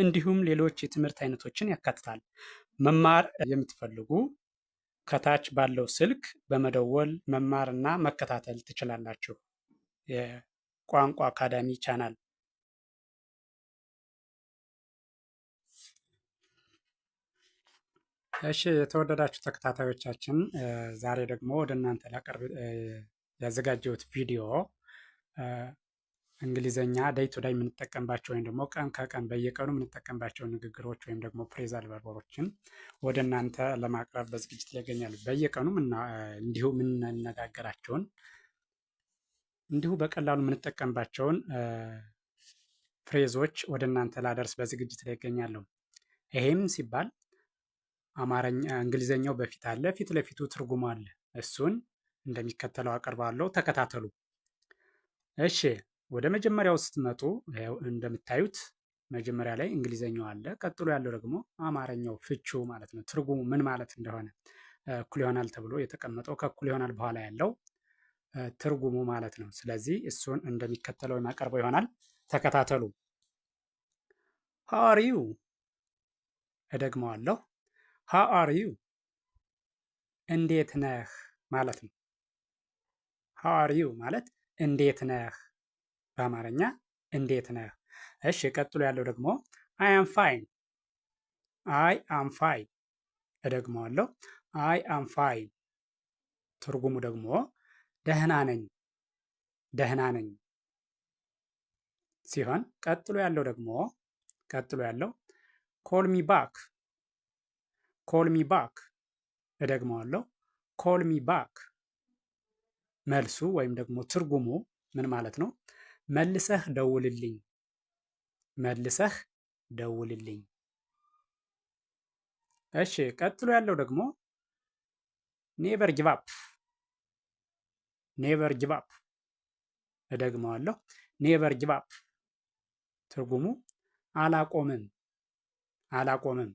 እንዲሁም ሌሎች የትምህርት አይነቶችን ያካትታል። መማር የምትፈልጉ ከታች ባለው ስልክ በመደወል መማርና መከታተል ትችላላችሁ። የቋንቋ አካዳሚ ቻናል እሺ የተወደዳችሁ ተከታታዮቻችን ዛሬ ደግሞ ወደ እናንተ ላቀርብ ያዘጋጀሁት ቪዲዮ እንግሊዘኛ ዳይ ቱ ዳይ የምንጠቀምባቸው ወይም ደግሞ ቀን ከቀን በየቀኑ የምንጠቀምባቸው ንግግሮች ወይም ደግሞ ፍሬዛል ቨርቦችን ወደ እናንተ ለማቅረብ በዝግጅት ላይ ይገኛሉ። በየቀኑ እንዲሁ የምንነጋገራቸውን እንዲሁ በቀላሉ የምንጠቀምባቸውን ፍሬዞች ወደ እናንተ ላደርስ በዝግጅት ላይ ይገኛለሁ። ይሄም ሲባል አማርኛ እንግሊዘኛው በፊት አለ፣ ፊት ለፊቱ ትርጉሙ አለ። እሱን እንደሚከተለው አቀርባለሁ። ተከታተሉ እሺ። ወደ መጀመሪያው ስትመጡ እንደምታዩት መጀመሪያ ላይ እንግሊዘኛው አለ። ቀጥሎ ያለው ደግሞ አማርኛው ፍቹ ማለት ነው፣ ትርጉሙ ምን ማለት እንደሆነ እኩል ይሆናል ተብሎ የተቀመጠው ከእኩል ይሆናል በኋላ ያለው ትርጉሙ ማለት ነው። ስለዚህ እሱን እንደሚከተለው የማቀርበው ይሆናል። ተከታተሉ። ሃአሪዩ እደግመዋለሁ። ሃአሪዩ እንዴት ነህ ማለት ነው። ሃአሪዩ ማለት እንዴት ነህ በአማርኛ እንዴት ነህ? እሺ ቀጥሎ ያለው ደግሞ አይ አም ፋይን አይ አም ፋይን እደግመዋለሁ። አይ አም ፋይን ትርጉሙ ደግሞ ደህና ነኝ ደህና ነኝ ሲሆን ቀጥሎ ያለው ደግሞ ቀጥሎ ያለው ሚ ባክ ሚ ባክ እደግመዋለሁ። ኮልሚ ባክ መልሱ ወይም ደግሞ ትርጉሙ ምን ማለት ነው? መልሰህ ደውልልኝ መልሰህ ደውልልኝ። እሺ ቀጥሎ ያለው ደግሞ ኔቨር ጊቫፕ ኔቨር ጊቫፕ እደግመዋለሁ። ኔቨር ጊቫፕ ትርጉሙ አላቆምም አላቆምም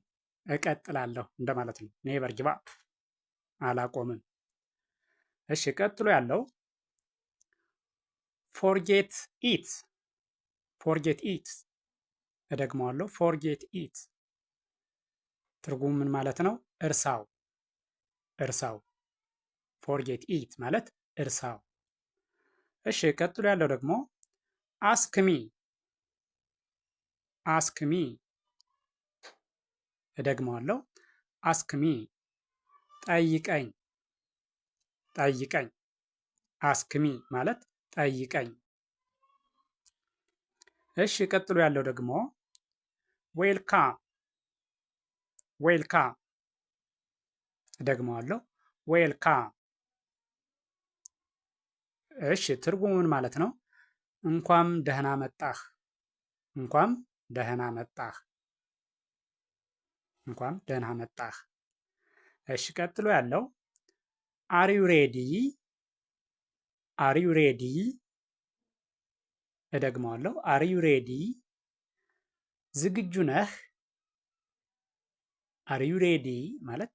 እቀጥላለሁ እንደማለት ነው። ኔቨር ጊቫፕ አላቆምም። እሺ ቀጥሎ ያለው ፎርጌት ኢት ፎርጌት ኢት እደግመዋለሁ። ፎርጌት ኢት ትርጉም ምን ማለት ነው? እርሳው እርሳው። ፎርጌት ኢት ማለት እርሳው። እሺ፣ ቀጥሎ ያለው ደግሞ አስክሚ አስክሚ እደግመዋለሁ። አስክሚ ጠይቀኝ ጠይቀኝ። አስክሚ ማለት ጠይቀኝ። እሺ ቀጥሎ ያለው ደግሞ ዌልካ ዌልካ ደግሞ አለው ዌልካ። እሺ ትርጉሙ ምን ማለት ነው? እንኳም ደህና መጣህ፣ እንኳም ደህና መጣህ፣ እንኳም ደህና መጣህ። እሺ ቀጥሎ ያለው አር ዩ ሬዲ አር ዩ ሬዲ? እደግመዋለሁ። አር ዩ ሬዲ? ዝግጁ ነህ? አር ዩ ሬዲ ማለት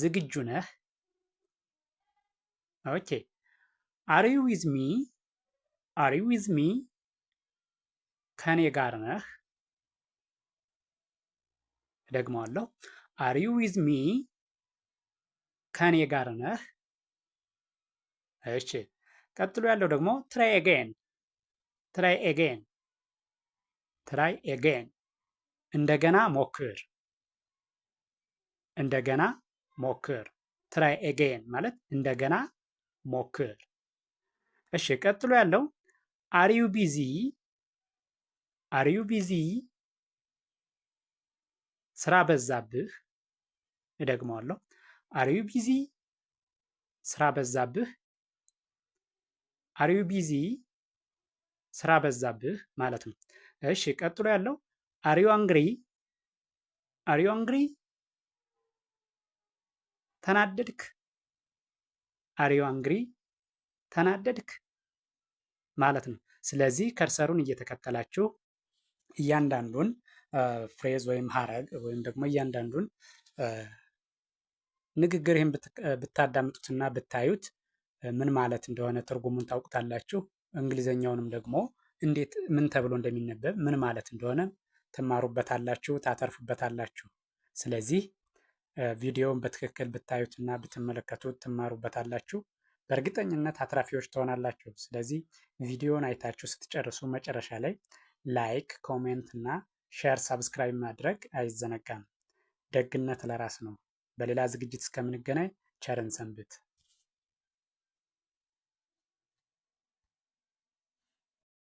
ዝግጁ ነህ። ኦኬ አር ዩ ዊዝ ሚ? አር ዩ ዊዝ ሚ? ከኔ ጋር ነህ? እደግመዋለሁ። አር ዩ ዊዝ ሚ? ከኔ ጋር ነህ? እሺ ቀጥሎ ያለው ደግሞ ትራይ ኤጌን ትራይ ኤጌን ትራይ ኤጌን እንደገና ሞክር እንደገና ሞክር ትራይ ኤጌን ማለት እንደገና ሞክር። እሺ ቀጥሎ ያለው አሪዩ ቢዚ አሪዩ ቢዚ ስራ በዛብህ። እደግመዋለሁ አሪዩ ቢዚ ስራ በዛብህ አሪዩ ቢዚ ስራ በዛብህ ማለት ነው። እሺ ቀጥሎ ያለው አሪዩ አንግሪ አሪዩ አንግሪ ተናደድክ አሪዩ አንግሪ ተናደድክ ማለት ነው። ስለዚህ ከርሰሩን እየተከተላችሁ እያንዳንዱን ፍሬዝ ወይም ሀረግ ወይም ደግሞ እያንዳንዱን ንግግር ይህን ብታዳምጡትና ብታዩት ምን ማለት እንደሆነ ትርጉሙን ታውቁታላችሁ። እንግሊዘኛውንም ደግሞ እንዴት ምን ተብሎ እንደሚነበብ ምን ማለት እንደሆነ ትማሩበታላችሁ፣ ታተርፉበታላችሁ። ስለዚህ ቪዲዮውን በትክክል ብታዩትና ብትመለከቱት ትማሩበታላችሁ። በእርግጠኝነት አትራፊዎች ትሆናላችሁ። ስለዚህ ቪዲዮውን አይታችሁ ስትጨርሱ መጨረሻ ላይ ላይክ፣ ኮሜንት እና ሼር፣ ሰብስክራይብ ማድረግ አይዘነጋም። ደግነት ለራስ ነው። በሌላ ዝግጅት እስከምንገናኝ ቸርን ሰንብት።